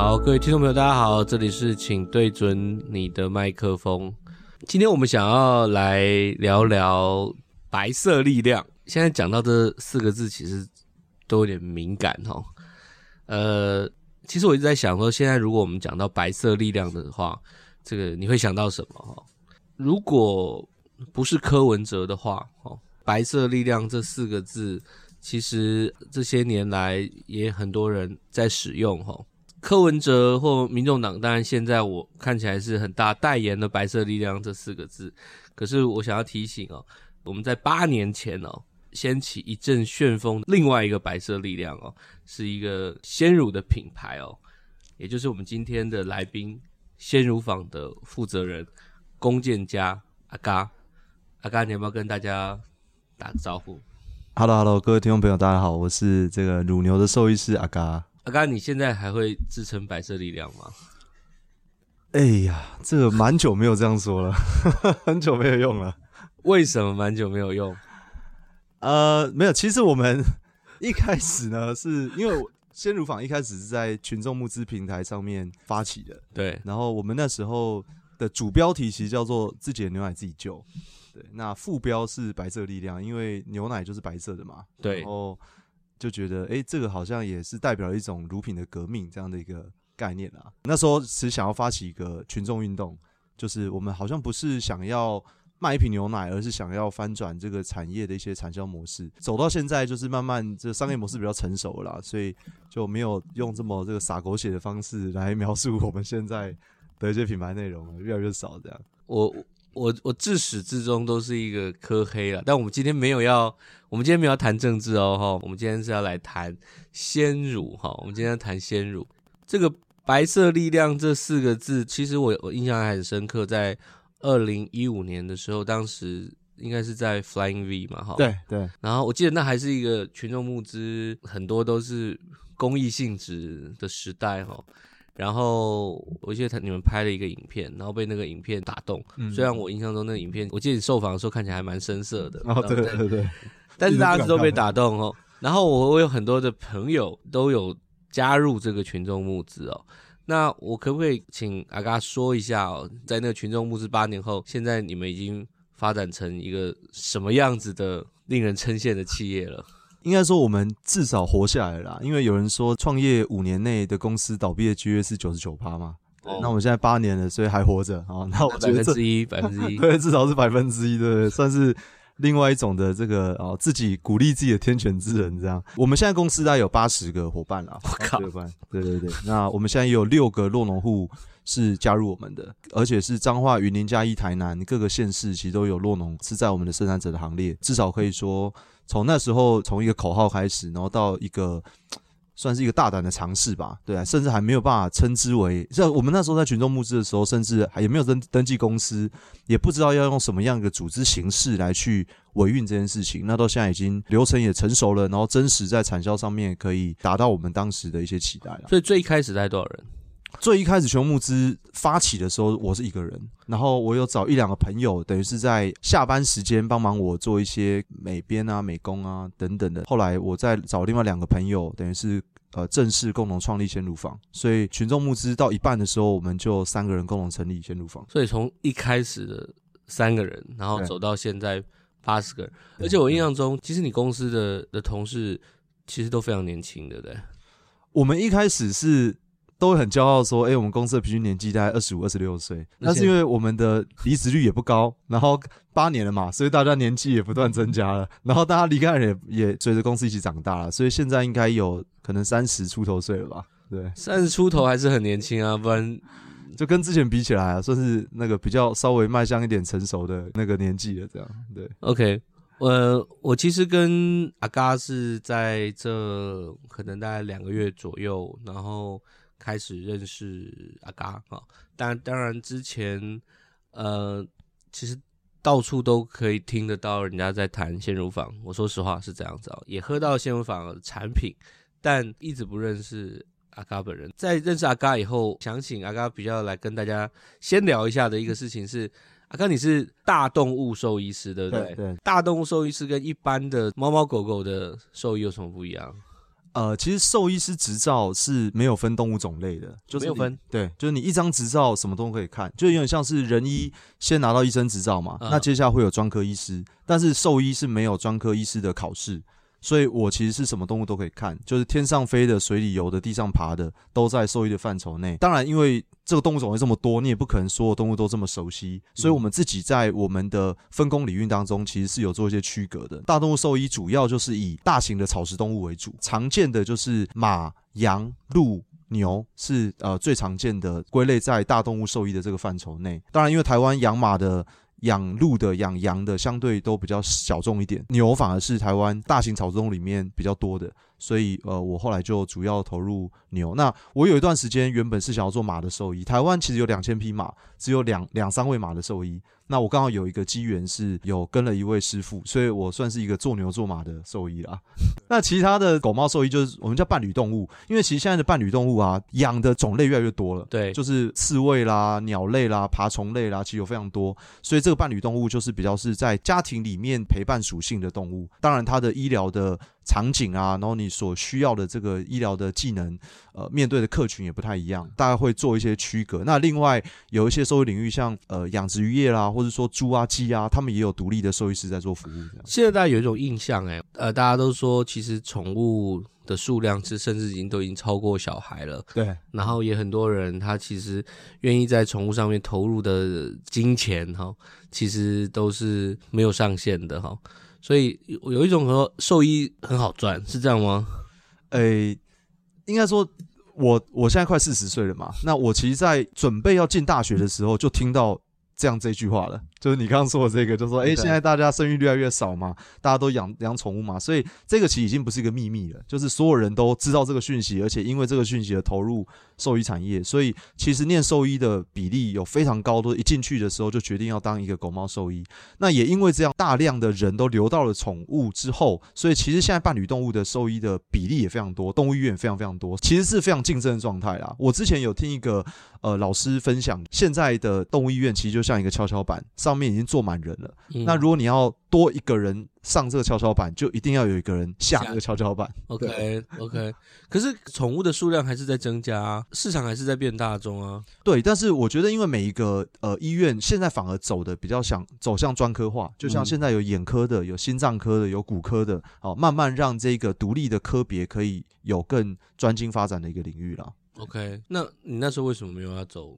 好，各位聽眾朋友，大家好，這裡是請對準你的麥克風。今天我們想要來聊聊白色力量。現在講到這四個字，其實都有點敏感哦。呃，其實我一直在想說，現在如果我們講到白色力量的話，這個你會想到什麼？哈，如果不是柯文哲的話，哦，白色力量這四個字，其實這些年來也很多人在使用齁，哈。柯文哲或民眾黨，當然現在我看起來是很大代言的白色力量這四個字。可是我想要提醒哦，我們在八年前哦掀起一陣旋風，另外一個白色力量哦是一個鮮乳的品牌哦，也就是我們今天的來賓鮮乳坊的負責人龔建嘉阿嘉。阿嘉，你要不要跟大家打個招呼？Hello Hello，各位聽眾朋友，大家好，我是這個乳牛的獸醫師阿嘉。阿嘉，啊、你現在還會自稱白色力量嗎？哎呀，這個蠻久沒有這樣說了， 很久沒有用了。為什麼蠻久沒有用？呃，沒有。其實我們一開始呢， 是因為鮮乳坊一開始是在群眾募資平台上面發起的，對。然後我們那時候的主標題其實叫做“自己的牛奶自己救”，對。那副標是“白色力量”，因為牛奶就是白色的嘛，對。然後。就覺得誒、欸，這個好像也是代表一種乳品的革命這樣的一個概念啊。那時候只想要發起一個群眾運動，就是我們好像不是想要賣一瓶牛奶，而是想要翻轉這個產業的一些產銷模式。走到現在，就是慢慢這個、商業模式比較成熟了啦，所以就沒有用這麼這個灑狗血的方式來描述我們現在的一些品牌內容了，越來越少這樣。我。我我，自始至終都是一個柯黑啦，但我們今天沒有要，我們今天沒有要談政治哦吼、哦，我們今天是要來談鮮乳哈、哦，我們今天要談鮮乳，這個白色力量這四個字，其實我我印象還很深刻，在二零一五年的時候，當時應該是在 Flying V 嘛哈，對對，然後我記得那還是一個群眾募資，很多都是公益性質的時代哈。哦然後我記得他你們拍了一個影片，然後被那個影片打動。嗯、雖然我印象中那個影片，我記得你受訪的時候看起來還蠻生澀的。哦，對對對。對對，但是大家是都被打動哦。然後我我有很多的朋友都有加入這個群眾募資哦。那我可不可以請阿嘉說一下哦，在那個群眾募資八年後，現在你們已經發展成一個什麼樣子的令人稱羨的企業了？應該說，我們至少活下來了啦，因為有人說創業五年內的公司倒閉的幾率是九十九趴嘛。那我們現在八年了，所以還活着啊、哦。那我覺得這百分之一，百分之一對，至少是百分之一對，對，對，算是另外一種的這個啊、哦，自己鼓勵自己的天選之人這樣。我們現在公司大概有八十個夥伴了，我靠伴，對對對。那我們現在有六個酪農戶是加入我們的，而且是彰化、雲林、嘉義、台南各個縣市，其實都有酪農是在我們的生產者的行列，至少可以說。從那時候，從一個口號開始，然後到一個算是一個大膽的嘗試吧，對啊，甚至還沒有辦法稱之為。像我們那時候在群眾募資的時候，甚至還有沒有登登記公司，也不知道要用什麼樣一個組織形式來去維運這件事情。那到現在已經流程也成熟了，然後真實在產銷上面可以達到我們當時的一些期待了。所以最一開始才多少人？最一開始群募資發起的時候，我是一個人，然後我有找一兩個朋友，等於是在下班時間幫忙我做一些美編啊、美工啊等等的。後來我再找另外兩個朋友，等於是呃正式共同創立鮮乳坊。所以群眾募資到一半的時候，我們就三個人共同成立鮮乳坊。所以從一開始的三個人，然後走到現在八十個人。對 而且我印象中，對 其實你公司的的同事其實都非常年輕的，對？我們一開始是。都會很驕傲說，哎、欸，我們公司的平均年紀大概二十五、二十六歲。那是因為我們的離職率也不高，然後八年了嘛，所以大家年紀也不斷增加了。然後大家離開人也也隨着公司一起長大了，所以現在應該有可能三十出頭歲了吧？對，三十出頭還是很年輕啊，不然就跟之前比起來啊，算是那個比較稍微邁向一點成熟的那個年紀了。這樣對，OK，呃，我其實跟阿嘉是在這可能大概兩個月左右，然後。開始認識阿嘎啊，但當然之前，呃，其實到處都可以聽得到人家在談鮮乳坊。我說實話是這樣子，也喝到鮮乳坊的產品，但一直不認識阿嘎本人。在認識阿嘎以後，想請阿嘎比較來跟大家先聊一下的一個事情是，阿嘎你是大動物獸醫師，對不對？對。對。大動物獸醫師跟一般的貓貓狗狗的獸醫有什麼不一樣？呃，其實獸醫師執照是沒有分動物種類的，就是沒有分，對，就是你一張執照什麼都可以看，就有點像是人醫先拿到醫生執照嘛，嗯，那接下來會有專科醫師，但是獸醫是沒有專科醫師的考試。所以我其實是什麼動物都可以看，就是天上飛的、水裡游的、地上爬的，都在獸醫的範疇內。當然，因為這個動物種類這麼多，你也不可能所有動物都這麼熟悉，所以我們自己在我們的分工領域當中，其實是有做一些區隔的。大動物獸醫主要就是以大型的草食動物為主，常見的就是馬、羊、鹿、牛是，是呃最常見的歸類在大動物獸醫的這個範疇內。當然，因為台灣養馬的、養鹿的、養羊的，相對都比較小眾一點。牛反而是台灣大型草食動物裡面比較多的，所以呃，我後來就主要投入牛。那我有一段時間原本是想要做馬的獸醫，台灣其實有兩千匹馬，只有兩兩三位馬的獸醫。那我剛好有一個機緣是有跟了一位師傅，所以我算是一個做牛做馬的獸醫啦。 那其他的狗貓獸醫就是我們叫伴侶動物，因為其實現在的伴侶動物啊，養的種類越來越多了，對，就是刺蝟啦、鳥類啦、爬蟲類啦，其實有非常多，所以這個伴侶動物就是比較是在家庭裡面陪伴屬性的動物，當然它的醫療的。場景啊，然後你所需要的這個醫療的技能，呃，面對的客群也不太一樣，大概會做一些區隔。那另外有一些獸醫領域像，像呃養殖漁業啦、啊，或者說豬啊雞啊，他們也有獨立的獸醫師在做服務。現在大概有一種印象，欸，哎，呃，大家都說其實寵物的數量是甚至已經都已經超過小孩了。對。然後也很多人他其實願意在寵物上面投入的金錢哈，其實都是沒有上限的哈。所以有，有一種說獸醫很好賺，是這樣嗎？誒、欸，應該說，我我現在快四十歲了嘛，那我其實在準備要進大學的時候，就聽到這樣這句話了，就是你剛剛說的這個，就是說，誒，現在大家生育率越來越少嘛，大家都養養寵物嘛，所以這個其實已經不是一個秘密了，就是所有人都知道這個訊息，而且因為這個訊息的投入獸醫產業，所以其實念獸醫的比例有非常高，都一進去的時候就決定要當一個狗貓獸醫。那也因為這樣，大量的人都流到了寵物之後，所以其實現在伴侶動物的獸醫的比例也非常多，動物醫院也非常非常多，其實是非常競爭的狀態啦。我之前有聽一個。呃，老師分享，現在的動物醫院其實就像一個蹺蹺板，上面已經坐滿人了。嗯、那如果你要多一個人上這個蹺蹺板，就一定要有一個人下這個蹺蹺板。OK 對 OK，可是寵物的數量還是在增加、啊，市場還是在變大中啊。對，但是我覺得，因為每一個呃醫院現在反而走的比較想走向專科化，就像現在有眼科的、嗯、有心臟科的、有骨科的，好、啊，慢慢讓這一個獨立的科別可以有更專精發展的一個領域了。OK，那你那時候為什麼沒有要走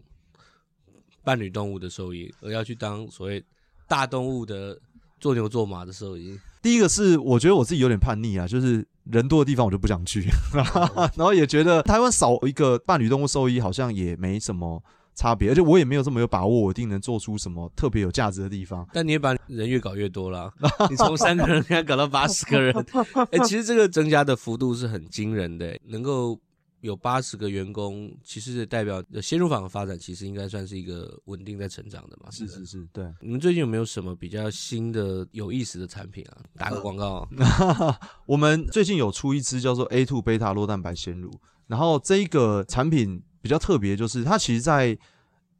伴侶動物的獸醫，而要去當所謂大動物的做牛做馬的獸醫？第一個是我覺得我自己有點叛逆啊，就是人多的地方我就不想去， 然後也覺得台灣少一個伴侶動物獸醫好像也沒什麼差別，而且我也沒有這麼有把握，我一定能做出什麼特別有價值的地方。但你也把人越搞越多了，啊， 你從三個人要搞到八十個人，哎， 欸，其實這個增加的幅度是很驚人的欸，能夠。有八十個員工，其實代表鮮乳坊的發展，其實應該算是一個穩定在成長的嘛。是是，是是，對。你們最近有沒有什麼比較新的、有意思的產品啊？打個廣告，我們最近有出一支叫做 A2 貝塔酪蛋白鮮乳，然後這個產品比較特別，就是它其實在。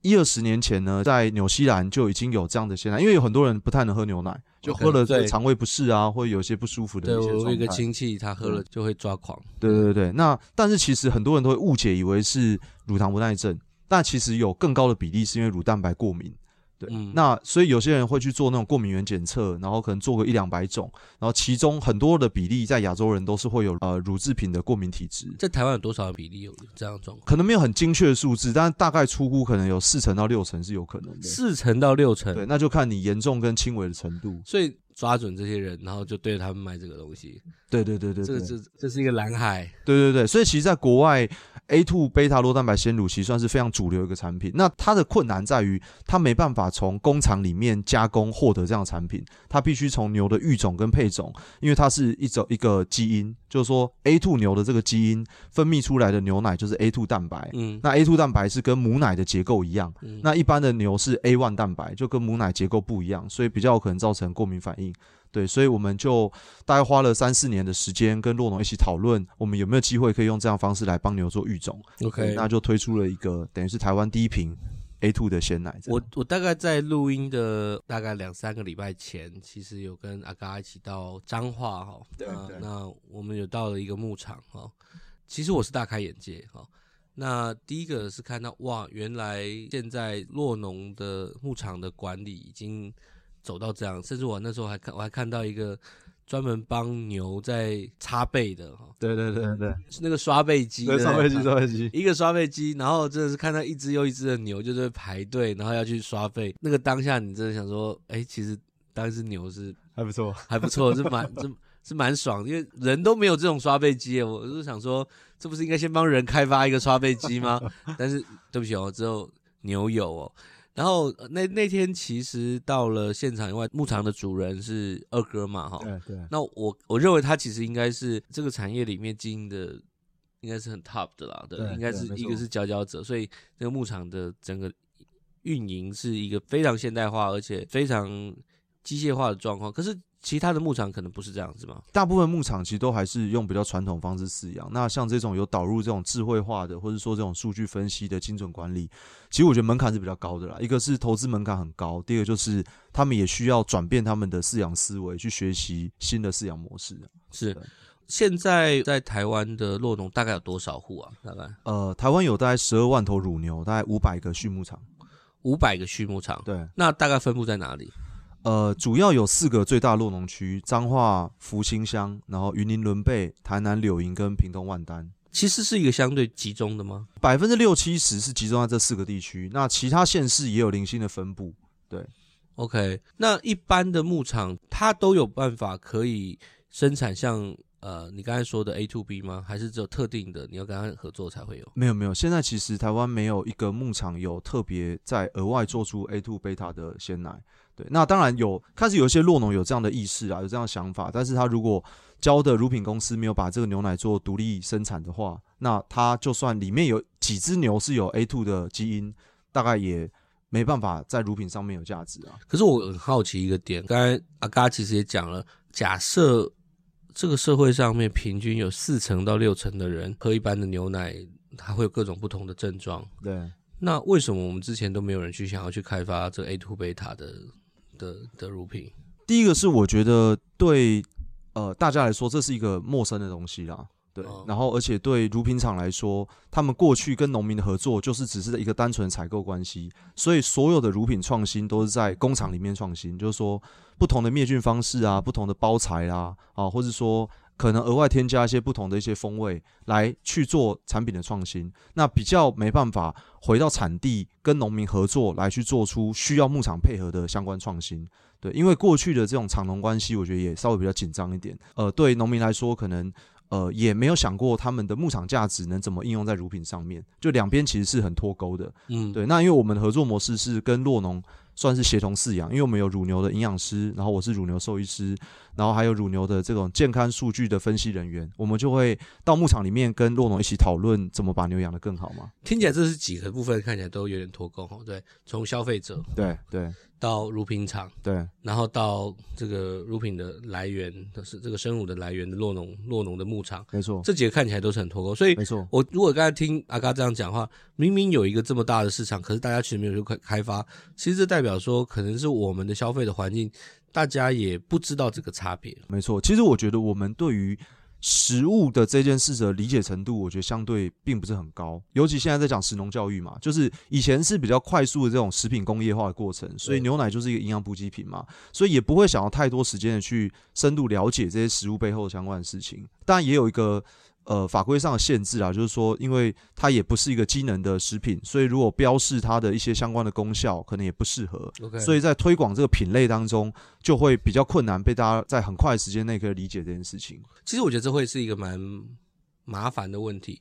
一二十年前呢，在紐西蘭就已經有這樣的現象，因為有很多人不太能喝牛奶，okay, 就喝了對腸胃不適啊，對或有一些不舒服的時候，我有一個親戚，他喝了就會抓狂。嗯、對對對，那但是其實很多人都會誤解，以為是乳糖不耐症，但其實有更高的比例是因為乳蛋白過敏。對，嗯、那所以有些人會去做那種過敏原檢測，然後可能做個一兩百種，然後其中很多的比例在亞洲人都是會有呃乳製品的過敏體質。在台灣有多少的比例有，有這樣的狀況？可能沒有很精確的數字，但大概初估可能有四成到六成是有可能的。四成到六成。對，那就看你嚴重跟輕微的程度。所以抓準這些人，然後就對他們賣這個東西。對，對對對對，這這這是一個藍海。對，對對對，所以其實，在國外。A2 貝塔酪蛋白鮮乳其實算是非常主流一個產品，那它的困難在於它沒辦法從工廠裡面加工獲得這樣的產品，它必須從牛的育種跟配種，因為它是一種一個基因，就是說 A2 牛的這個基因分泌出來的牛奶就是 A2 蛋白，嗯，那 A2 蛋白是跟母奶的結構一樣，嗯，那一般的牛是 A1 蛋白，就跟母奶結構不一樣，所以比較有可能造成過敏反應。對，所以我們就大概花了三四年的時間跟酪農一起討論，我們有沒有機會可以用這樣的方式來幫牛做育種。OK，那就推出了一個等於是台灣第一瓶 A2 的鮮奶。我我大概在錄音的大概兩三個禮拜前，其實有跟阿嘉一起到彰化哈。對、哦、對、呃。那我們有到了一個牧場哈、哦，其實我是大開眼界哈、哦。那第一個是看到哇，原來現在酪農的牧場的管理已經。走到這樣，甚至我那時候還看，我還看到一個專門幫牛在擦背的，對對對對，是那個刷背機。刷背機，刷背機。一個刷背機，然後真的是看到一隻又一隻的牛，就是排隊，然後要去刷背。那個當下，你真的想說，哎、欸，其實當一隻牛是還不錯，還不錯，是蠻 是蠻爽，因為人都沒有這種刷背機。我就是想說，這不是應該先幫人開發一個刷背機嗎？ 但是對不起哦，只有牛有哦。然後那那天其實到了現場，因為牧場的主人是二哥嘛，哈，對對。那我我認為他其實應該是這個產業裡面經營的，應該是很 top 的啦，對，對，應該是一個是佼佼者。所以這個牧場的整個運營是一個非常現代化而且非常機械化的狀況，可是。其他的牧場可能不是這樣子嘛，大部分牧場其實都還是用比較傳統方式飼養。那像這種有導入這種智慧化的，或者說這種數據分析的精準管理，其實我覺得門檻是比較高的啦。一個是投資門檻很高，第二個就是他們也需要轉變他們的飼養思維，去學習新的飼養模式。是對現在在台灣的酪農大概有多少戶啊？大概呃，台灣有大概十二萬頭乳牛，大概五百個畜牧場，五百個畜牧場，對。那大概分布在哪裡？呃，主要有四個最大酪農區：彰化福興鄉，然後雲林崙背、台南柳營跟屏東萬丹。其實是一個相對集中的嗎？百分之六七十是集中在這四個地區，那其他縣市也有零星的分布。對，OK。那一般的牧場，它都有辦法可以生產像呃你剛才說的 A2 B 嗎？還是只有特定的你要跟他合作才會有？沒有沒有，現在其實台灣沒有一個牧場有特別在額外做出 A2 貝塔的鮮奶。對，那當然有，開始有一些酪農有這樣的意識啊，有這樣的想法。但是他如果交的乳品公司沒有把這個牛奶做獨立生產的話，那他就算裡面有幾隻牛是有 A two 的基因，大概也沒辦法在乳品上面有價值啊。可是我很好奇一個點，剛才阿嘎其實也講了，假設這個社會上面平均有四成到六成的人喝一般的牛奶，它會有各種不同的症狀。對，那為什麼我們之前都沒有人去想要去開發這個 A two 貝塔的的的乳品，第一個是我覺得對呃大家來說，這是一個陌生的東西啦，對，oh. 然後而且對乳品廠來說，他們過去跟農民的合作就是只是一個單純採購關係，所以所有的乳品創新都是在工廠裡面創新，就是說不同的滅菌方式啊，不同的包材啦、啊，啊，或者說。可能額外添加一些不同的一些風味來去做產品的創新，那比較沒辦法回到產地跟農民合作來去做出需要牧場配合的相關創新，對，因為過去的這種廠農關係，我覺得也稍微比較緊張一點。呃，對農民來說，可能呃也沒有想過他們的牧場價值能怎麼應用在乳品上面，就兩邊其實是很脫鈎的。嗯，對，那因為我們的合作模式是跟酪農。算是協同飼養，因為我們有乳牛的營養師，然後我是乳牛獸醫師，然後還有乳牛的這種健康數據的分析人員，我們就會到牧場裡面跟酪農一起討論怎麼把牛養得更好嘛。聽起來這是幾個部分，看起來都有點脫鈎。對，從消費者。對對。對到乳品廠，對，然後到這個乳品的來源，都、就是這個生乳的來源的酪農，酪農的牧場，沒錯，這幾個看起來都是很脫鈎，所以沒錯。我如果剛才聽阿嘉這樣講的話，明明有一個這麼大的市場，可是大家其實沒有去開開發，其實這代表說，可能是我們的消費的環境，大家也不知道這個差別。沒錯，其實我覺得我們對於。食物的這件事的理解程度，我覺得相對並不是很高，尤其現在在講食農教育嘛，就是以前是比較快速的這種食品工業化的過程，所以牛奶就是一個營養補給品嘛，所以也不會想要太多時間的去深度了解這些食物背後的相關的事情。當然，也有一個。呃，法規上的限制啊，就是說，因為它也不是一個機能的食品，所以如果標示它的一些相關的功效，可能也不適合。Okay. 所以，在推廣這個品類當中，就會比較困難，被大家在很快的時間內可以理解這件事情。其實，我覺得這會是一個蠻麻煩的問題。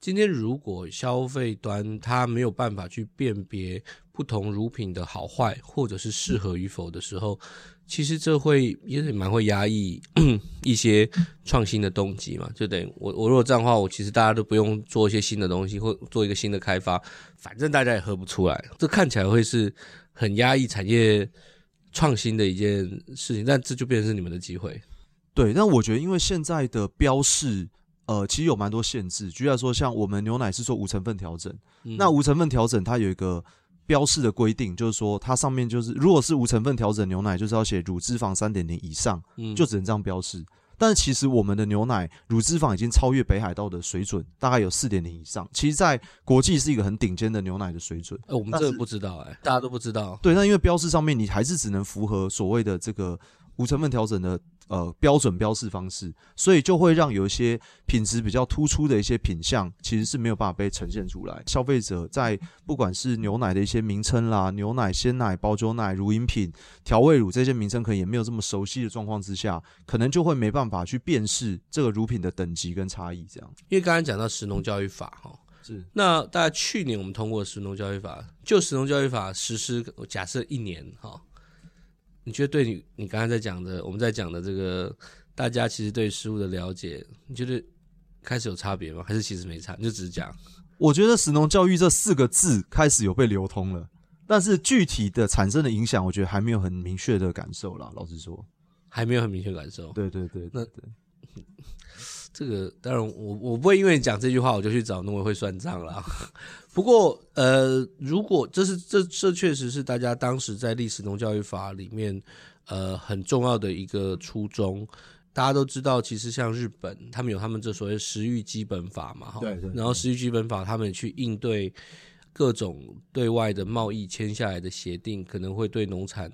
今天如果消費端它沒有辦法去辨別不同乳品的好壞或者是適合與否的時候，嗯、其實這會也是蠻會壓抑 一些創新的動機嘛？就等於我我如果這樣的話，我其實大家都不用做一些新的東西或做一個新的開發，反正大家也喝不出來。這看起來會是很壓抑產業創新的一件事情，但這就變成是你們的機會。對，那我覺得因為現在的標示。呃，其實有蠻多限制，舉例來說像我們牛奶是說無成分調整，嗯、那無成分調整它有一個標示的規定，就是說它上面就是如果是無成分調整牛奶，就是要寫乳脂肪三點零以上，嗯、就只能這樣標示。但是其實我們的牛奶乳脂肪已經超越北海道的水準，大概有四點零以上，其實，在國際是一個很頂尖的牛奶的水準。呃、我們這個不知道哎、欸，是大家都不知道。對，那因為標示上面你還是只能符合所謂的這個無成分調整的。呃，標準標示方式，所以就會讓有一些品質比較突出的一些品項，其實是沒有辦法被呈現出來。消費者在不管是牛奶的一些名稱啦，牛奶鮮奶、保久奶、乳飲品、調味乳這些名稱，可能也沒有這麼熟悉的狀況之下，可能就會沒辦法去辨識這個乳品的等級跟差異這樣。因為剛才講到食農教育法哈，是那大概去年我們通過食農教育法，就食農教育法實施假設一年哈。你覺得對你，你剛才在講的，我們在講的這個，大家其實對食物的了解，你覺得開始有差別嗎？還是其實沒差？你就只是講，我覺得“食農教育”這四個字開始有被流通了，但是具體的產生的影響，我覺得還沒有很明確的感受啦。老實說，還沒有很明確感受。對，對對對，那對。 這個當然我，我我不會因為你講這句話，我就去找農委會算賬了。 不過，呃，如果這是這這確實是大家當時在立食農教育法裡面，呃，很重要的一個初衷。大家都知道，其實像日本，他們有他們這所謂《食育基本法》嘛，哈。對然後，《食育基本法》他們去應對各種對外的貿易簽下來的協定，可能會對農產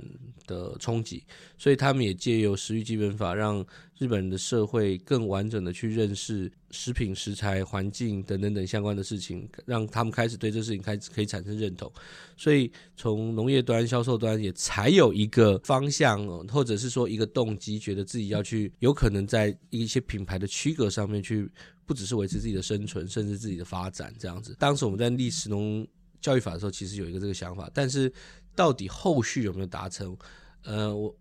的衝擊，所以他們也借由《食育基本法》讓。日本人的社會更完整的去認識食品、食材、環境等等等相關的事情，讓他們開始對這個事情開始可以產生認同，所以從農業端、銷售端也才有一個方向，或者是說一個動機，覺得自己要去，有可能在一些品牌的區隔上面去，不只是維持自己的生存，甚至自己的發展這樣子。當時我們在立食農教育法的時候，其實有一個這個想法，但是到底後續有沒有達成？呃，我。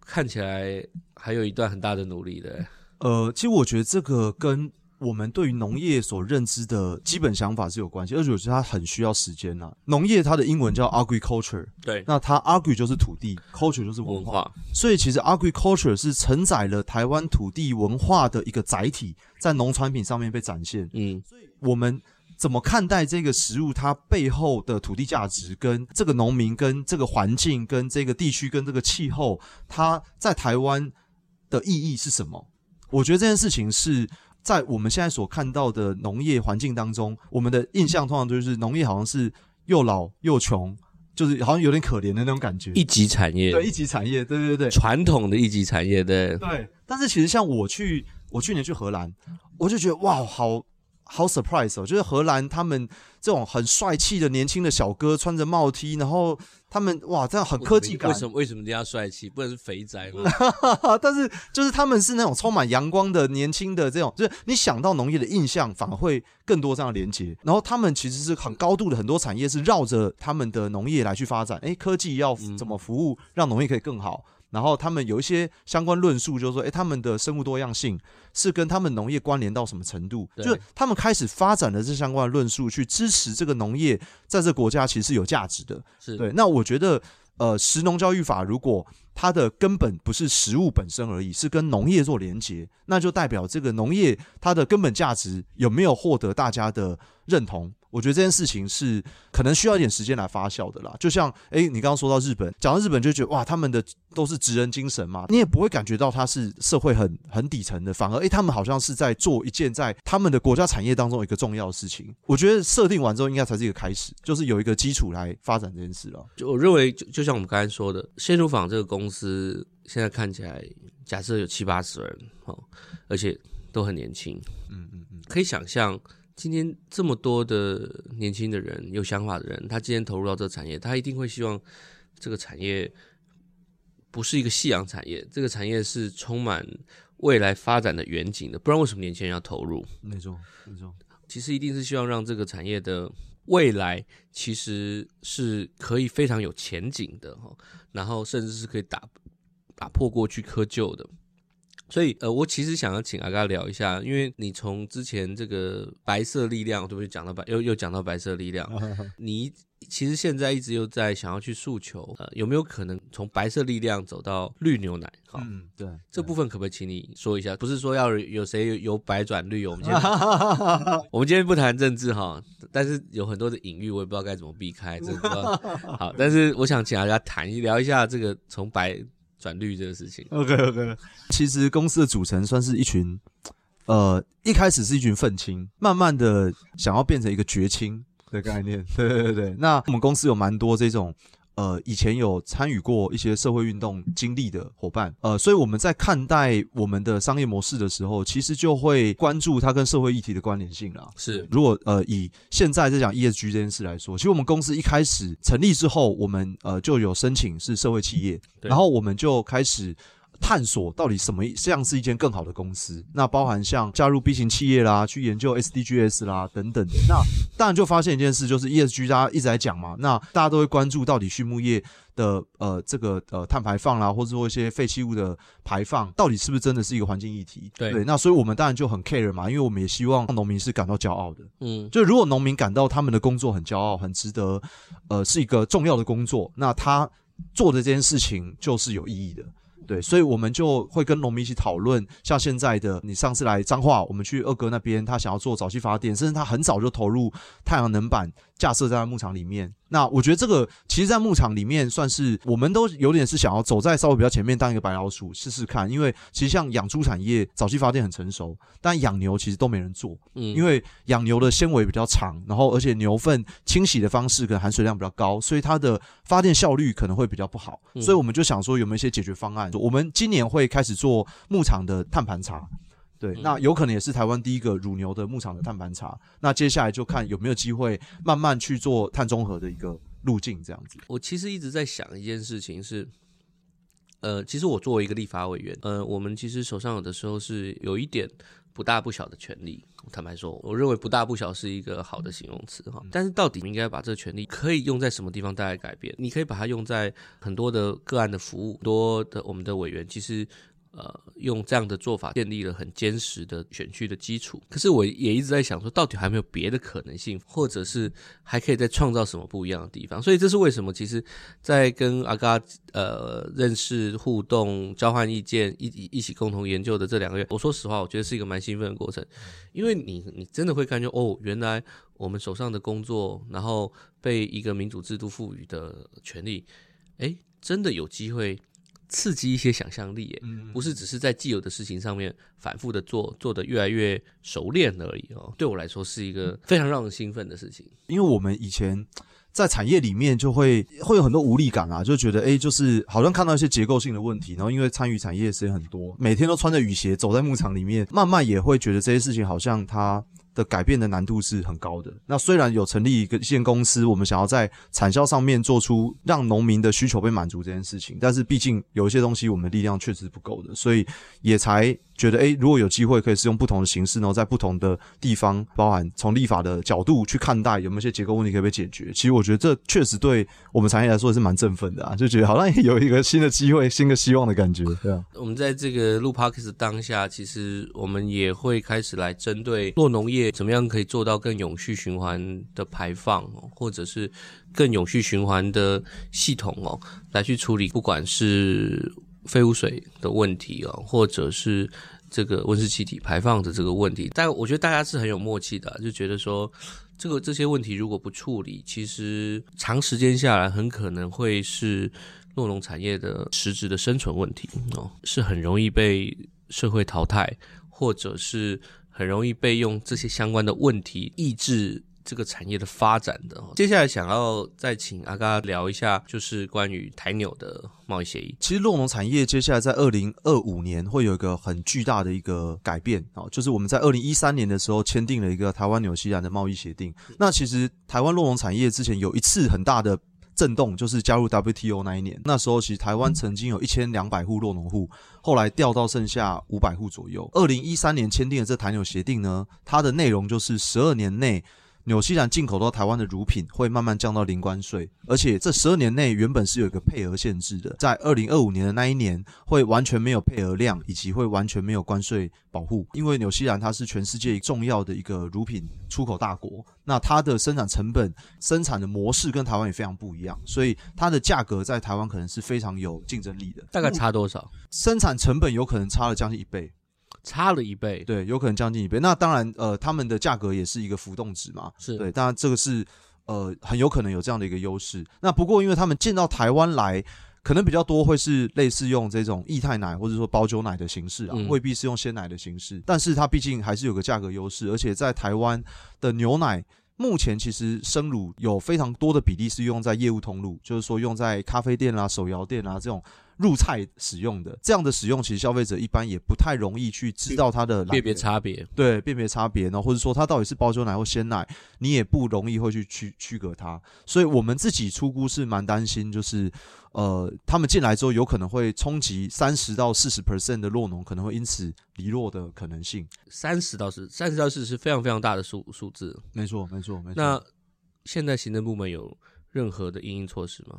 看起來還有一段很大的努力的欸。呃，其實我覺得這個跟我們對於農業所認知的基本想法是有關係，而且我覺得它很需要時間呢。農業它的英文叫 agriculture，對，那它 agri 就是土地，嗯，culture 就是文化，文化，所以其實 agriculture 是承載了台灣土地文化的一個載體，在農產品上面被展現。嗯，所以我們。怎麼看待這個食物？它背後的土地價值，跟這個農民，跟這個環境，跟這個地區，跟這個氣候，它在台灣的意義是什麼？我覺得這件事情是在我們現在所看到的農業環境當中，我們的印象通常就是農業好像是又老又窮，就是好像有點可憐的那種感覺。一級產業，對，一級產業，對對對，傳統的一級產業，對對。但是其實像我去，我去年去荷蘭，我就覺得哇，好。好 surprise 哦！就是荷蘭他們這種很帥氣的年輕的小哥，穿着帽 T，然後他們哇這樣很科技感。為什麼？為什麼人家帥氣？不能是肥宅嗎？哈哈哈。 但是就是他們是那種充滿陽光的年輕的這種，就是你想到農業的印象反而會更多這樣的連接。然後他們其實是很高度的很多產業是繞着他們的農業來去發展。誒、欸，科技要怎麼服務、嗯、讓農業可以更好？然後他們有一些相關論述，就是說誒，他們的生物多樣性是跟他們農業關聯到什麼程度？對就是他們開始發展了這相關的論述，去支持這個農業在這個國家其實是有價值的。是對。那我覺得，呃，食農教育法如果它的根本不是食物本身而已，是跟農業做連結，那就代表這個農業它的根本價值有沒有獲得大家的認同？我覺得這件事情是可能需要一點時間來發酵的啦。就像誒、欸，你剛剛說到日本，講到日本就覺得哇，他們的都是職人精神嘛，你也不會感覺到他是社會很很底層的，反而誒、欸，他們好像是在做一件在他們的國家產業當中一個重要的事情。我覺得設定完之後，應該才是一個開始，就是有一個基礎來發展這件事了。就我認為就，就就像我們剛才說的，鮮乳坊這個公司現在看起來，假設有七八十人哦，而且都很年輕，嗯嗯嗯，可以想象。今天這麼多的年輕的人，有想法的人，他今天投入到這個產業，他一定會希望這個產業不是一個夕陽產業，這個產業是充滿未來發展的遠景的。不然為什麼年輕人要投入？那種那種，其實一定是希望讓這個產業的未來其實是可以非常有前景的哈，然後甚至是可以打打破過去窠臼的。所以，呃，我其實想要請阿嘉聊一下，因為你從之前這個白色力量，對不對？講到白，又又講到白色力量，你其實現在一直又在想要去訴求，呃，有沒有可能從白色力量走到綠牛奶？好嗯，對，對這部分可不可以請你說一下？不是說要有誰有白轉綠，我們今天 我們今天不談政治哈，但是有很多的隱喻，我也不知道該怎麼避開，這個，好。但是我想請阿嘉談一聊一下這個從白。轉綠這個事情，OK OK， 其實公司的組成算是一群，呃，一開始是一群憤青，慢慢的想要變成一個絕青的概念，對 對對對，那我們公司有蠻多這種。呃，以前有參與過一些社會運動經歷的伙伴，呃，所以我們在看待我們的商業模式的時候，其實就會關注它跟社會議題的關聯性了。是，如果呃以現在在講 ESG 這件事來說，其實我們公司一開始成立之後，我們呃就有申請是社會企業，對然後我們就開始。探索到底什麼樣是一間更好的公司？那包含像加入 B 型企業啦，去研究 SDGs 啦等等的。那當然就發現一件事，就是 ESG 大家一直在講嘛。那大家都會關注到底畜牧業的呃這個呃碳排放啦，或者說一些廢棄物的排放，到底是不是真的是一個環境議題？對，對。那所以我們當然就很 care 嘛，因為我們也希望農民是感到驕傲的。嗯，就如果農民感到他們的工作很驕傲、很值得，呃，是一個重要的工作，那他做的這件事情就是有意義的。對，所以我們就會跟農民一起討論，像現在的你上次來彰化，我們去二哥那邊，他想要做沼氣發電，甚至他很早就投入太陽能板。架設在，在牧場裡面，那我覺得這個其實，在牧場裡面算是我們都有點是想要走在稍微比較前面，當一個白老鼠試試看。因為其實像養豬產業早期發電很成熟，但養牛其實都沒人做，嗯、因為養牛的纖維比較長，然後而且牛糞清洗的方式可能含水量比較高，所以它的發電效率可能會比較不好。嗯、所以我們就想說有沒有一些解決方案。我們今年會開始做牧場的碳盤查。對，那有可能也是台灣第一個乳牛的牧場的碳盤查。那接下來就看有沒有機會慢慢去做碳中和的一個路徑，這樣子。我其實一直在想一件事情，是，呃，其實我作為一個立法委員，呃，我們其實手上有的時候是有一點不大不小的權力。我坦白說，我認為不大不小是一個好的形容詞哈。但是到底應該把這個權力可以用在什麼地方帶來改變？你可以把它用在很多的個案的服務，多的我們的委員其實。呃，用這樣的做法建立了很堅實的選區的基礎。可是我也一直在想說，到底還沒有別的可能性，或者是還可以再創造什麼不一樣的地方？所以這是為什麼？其實，在跟阿嘉呃認識、互動、交換意見、一一起共同研究的這兩個月，我說實話，我覺得是一個蠻興奮的過程，因為你你真的會感覺哦，原來我們手上的工作，然後被一個民主制度賦予的權力，哎、欸，真的有機會。刺激一些想象力，不是只是在既有的事情上面反覆的做，做得越來越熟練而已哦。對我來說是一個非常讓人興奮的事情，因為我們以前在產業裡面就會會有很多無力感啊，就覺得誒，就是好像看到一些結構性的問題，然後因為參與產業時間很多，每天都穿着雨鞋走在牧場裡面，慢慢也會覺得這些事情好像它。的改變的難度是很高的。那雖然有成立一個一間公司，我們想要在產銷上面做出讓農民的需求被滿足這件事情，但是畢竟有一些東西，我們的力量確實不夠的，所以也才覺得，哎、欸，如果有機會可以使用不同的形式，然後在不同的地方，包含從立法的角度去看待有沒有一些結構問題可，可以被解決。其實我覺得這確實對我們產業來說也是蠻振奮的啊，就覺得好像也有一個新的機會、新的希望的感覺。嗯、對啊，我們在這個錄 Podcast 當下，其實我們也會開始來針對做農業。怎麼樣可以做到更永續循環的排放，或者是更永續循環的系統哦，來去處理不管是廢污水的問題啊，或者是這個溫室氣體排放的這個問題。但我覺得大家是很有默契的，就覺得說這個這些問題如果不處理，其實長時間下來很可能會是酪農產業的實質的生存問題哦，是很容易被社會淘汰，或者是。很容易被用這些相關的問題抑制這個產業的發展的哦。接下來想要再請阿嘉聊一下，就是關於台紐的貿易協議。其實酪農產業接下來在二零二五年會有一個很巨大的一個改變啊，就是我們在二零一三年的時候簽訂了一個台灣紐西蘭的貿易協定。那其實台灣酪農產業之前有一次很大的。震動就是加入 WTO 那一年，那時候其實台灣曾經有一千兩百戶酪農戶，後來掉到剩下五百戶左右。二零一三年簽訂的這台紐協定呢，它的內容就是十二年內。紐西蘭進口到台灣的乳品會慢慢降到零關稅，而且這十二年內原本是有一個配額限制的，在二零二五年的那一年會完全沒有配額量，以及會完全沒有關稅保護。因為紐西蘭它是全世界重要的一個乳品出口大國，那它的生產成本、生產的模式跟台灣也非常不一樣，所以它的價格在台灣可能是非常有競爭力的。大概差多少？生產成本有可能差了將近一倍。差了一倍，對，有可能將近一倍。那當然，呃，他們的價格也是一個浮動值嘛，是對。當然，這個是呃，很有可能有這樣的一個優勢。那不過，因為他們進到台灣來，可能比較多會是類似用這種液態奶或者說保久奶的形式啊，未必是用鮮奶的形式。嗯、但是它畢竟還是有個價格優勢，而且在台灣的牛奶目前其實生乳有非常多的比例是用在業務通路，就是說用在咖啡店啊、手搖店啊這種。入菜使用的這樣的使用，其實消費者一般也不太容易去知道它的辨別差別。對，辨別差別呢，然後或者說它到底是保久奶或鮮奶，你也不容易會去區區隔它。所以我們自己初估是蠻擔心，就是呃，他們進來之後有可能會衝擊三十到四十 percent 的酪農，可能會因此離酪的可能性。三十到四，三十到四十是非常非常大的數數字。沒錯，沒錯，沒錯。那現在行政部門有任何的因應措施嗎？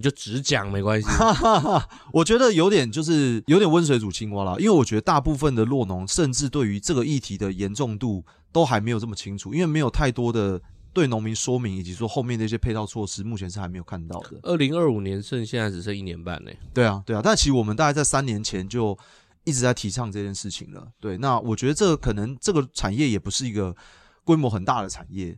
你就直講沒關係，哈哈哈。我覺得有點就是有點溫水煮青蛙了，因為我覺得大部分的酪農甚至對於這個議題的嚴重度都還沒有這麼清楚，因為沒有太多的對農民說明以及說後面那些配套措施，目前是還沒有看到的。二零二五年剩現在只剩一年半嘞、欸。對啊，對啊，但其實我們大概在三年前就一直在提倡這件事情了。對，那我覺得這個可能這個產業也不是一個規模很大的產業。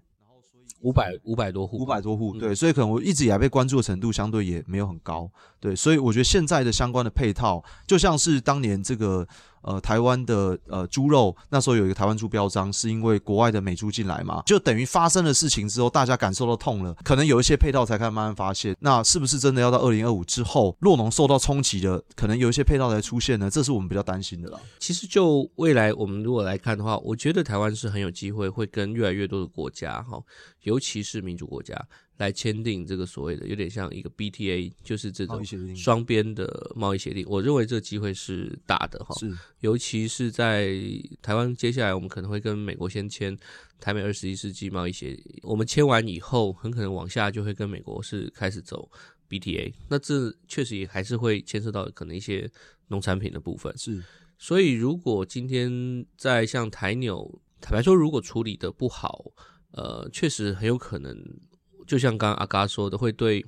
五百五百多戶，五百多戶，對，嗯、所以可能我一直以來被關注的程度相對也沒有很高，對，所以我覺得現在的相關的配套，就像是當年這個。呃，台灣的呃豬肉那時候有一個台灣豬標章，是因為國外的美豬進來嘛，就等於發生了事情之後，大家感受到痛了，可能有一些配套才開始慢慢發現。那是不是真的要到二零二五之後，酪農受到衝擊了，可能有一些配套才出現呢？這是我們比較擔心的啦。其實就未來我們如果來看的話，我覺得台灣是很有機會會跟越來越多的國家哈，尤其是民主國家。來簽訂這個所謂的有點像一個 BTA，就是這種雙邊的貿易協定。協定。我認為這個機會是大的哈，是尤其是在台灣接下來我們可能會跟美國先簽台美二十一世紀貿易協。我們簽完以後，很可能往下就會跟美國是開始走 BTA。那這確實也還是會牽涉到可能一些農產品的部分。是，所以如果今天在像台紐，坦白說，如果處理得不好，呃，確實很有可能。就像剛剛阿嘉說的，會對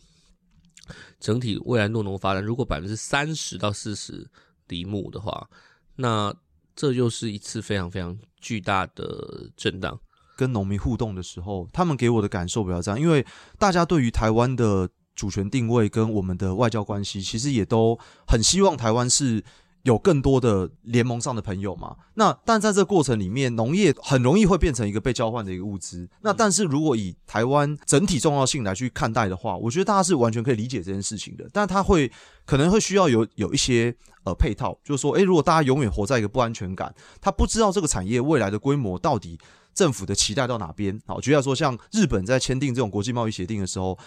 整體未來酪農發展，如果百分之三十到四十離牧的話，那這就是一次非常非常巨大的震盪。跟農民互動的時候，他們給我的感受比較這樣，因為大家對於臺灣的主權定位跟我們的外交關係，其實也都很希望台灣是。有更多的聯盟上的朋友嘛。那但在這過程裡面，農業很容易會變成一個被交換的一個物資。那但是如果以台灣整體重要性來去看待的話，我覺得大家是完全可以理解這件事情的。但他會可能會需要有有一些呃配套，就是說，誒，如果大家永遠活在一個不安全感，他不知道這個產業未來的規模到底政府的期待到哪邊。好，舉例來說，像日本在簽訂這種國際貿易協定的時候，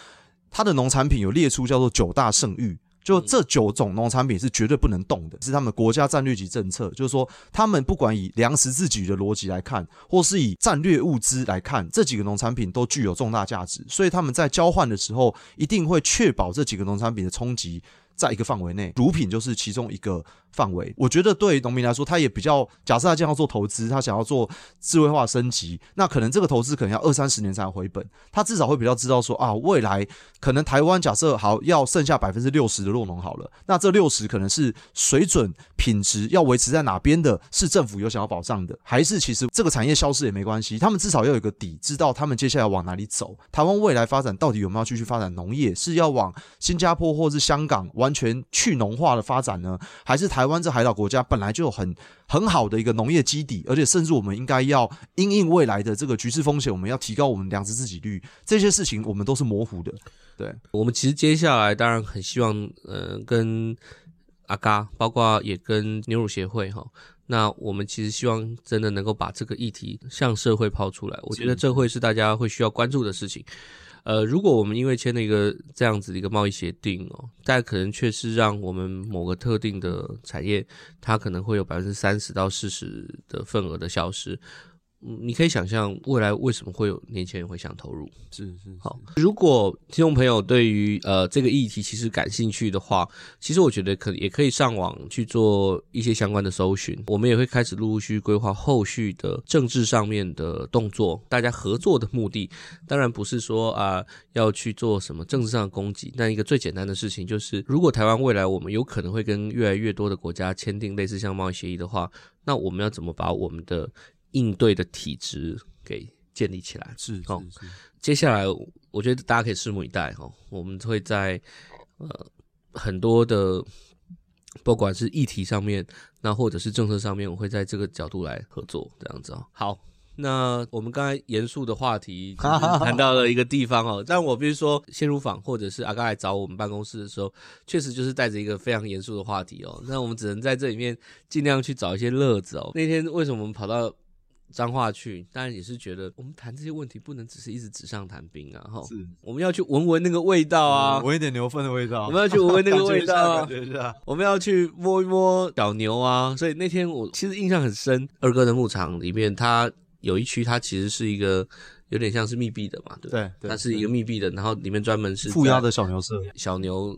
它的農產品有列出叫做九大聖域。就這九種農產品是絕對不能動的，是他們國家戰略級政策。就是說，他們不管以糧食自給的邏輯來看，或是以戰略物資來看，這幾個農產品都具有重大價值，所以他們在交換的時候一定會確保這幾個農產品的衝擊在一個範圍內，乳品就是其中一個範圍。我覺得對農民來說，他也比較假設他將要做投資，他想要做智慧化升級，那可能這個投資可能要二三十年才能回本。他至少會比較知道說啊，未來可能台灣假設好要剩下百分之六十的酪農好了，那這六十可能是水準品質要維持在哪邊的，是政府有想要保障的，還是其實這個產業消失也沒關係？他們至少要有個底，知道他們接下來往哪裡走。台灣未來發展到底有沒有繼續發展農業？是要往新加坡或是香港玩完全去農化的發展呢，還是台灣這海島國家本來就有很很好的一個農業基底，而且甚至我們應該要因應未來的這個局勢風險，我們要提高我們糧食自給率，這些事情我們都是模糊的。對，我們其實接下來當然很希望，呃，跟阿嘎，包括也跟牛乳協會哈，那我們其實希望真的能夠把這個議題向社會拋出來，是我覺得這會是大家會需要關注的事情。呃，如果我們因為簽了一個這樣子的一個貿易協定哦，但可能確實讓我們某個特定的產業，它可能會有百分之三十到四十的份額的消失。你可以想象未來為什麼會有年輕人會想投入？是是好。如果聽眾朋友對於呃這個議題其實感興趣的話，其實我覺得可也可以上網去做一些相關的搜尋。我們也會開始陸陸續續規劃後續的政治上面的動作。大家合作的目的，當然不是說啊要去做什麼政治上的攻擊。但一個最簡單的事情就是，如果台灣未來我們有可能會跟越來越多的國家簽訂類似像貿易協議的話，那我們要怎麼把我們的應對的體質給建立起來是好、哦，接下來我覺得大家可以拭目以待哈、哦。我們會在呃很多的不管是議題上面，那或者是政策上面，我會在這個角度來合作這樣子哦，好，那我們剛才嚴肅的話題談到了一個地方哦，好好但我必須說，申翰或者是阿嘉來找我們辦公室的時候，確實就是帶着一個非常嚴肅的話題哦。那我們只能在這裡面儘量去找一些樂子哦。那天為什麼我們跑到？髒話去，當然也是覺得我們談這些問題不能只是一直紙上談兵啊，哈，是，我們要去聞聞那個味道啊，聞、嗯、一點牛糞的味道，我們要去聞聞那個味道啊，啊我們要去摸一摸小牛啊，所以那天我其實印象很深，二哥的牧場裡面，他有一區，它其實是一個有點像是密閉的嘛，對，對，對它是一個密閉的，對然後裡面專門是負壓的小牛舍，小牛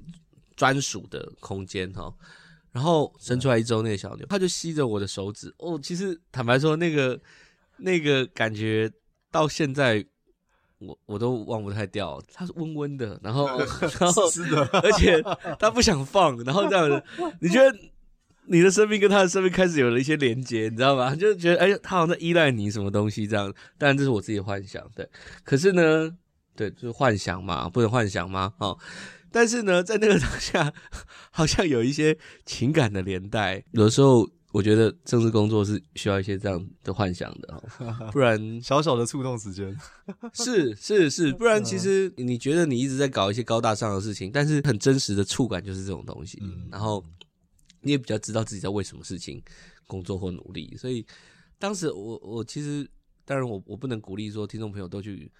專屬的空間，哈。然後生出來一周那個小牛，對它就吸着我的手指。哦，其實坦白說，那個那個感覺到現在我我都忘不太掉。它是溫溫的，然後然後， 是的 而且它不想放，然後這樣子，你覺得你的生命跟它的生命開始有了一些連接，你知道嗎？就覺得哎，它好像在依賴你什麼東西這樣。當然這是我自己的幻想。對，可是呢，對，就是幻想嘛，不能幻想嘛。哦。但是呢，在那個當下，好像有一些情感的連帶。有的時候，我覺得政治工作是需要一些這樣的幻想的，哦，不然 小小的觸動時間， 是是是，不然其實你覺得你一直在搞一些高大上的事情，但是很真實的觸感就是這種東西。嗯，然後你也比較知道自己在為什麼事情工作或努力。所以當時我我其實當然我我不能鼓勵說聽眾朋友都去，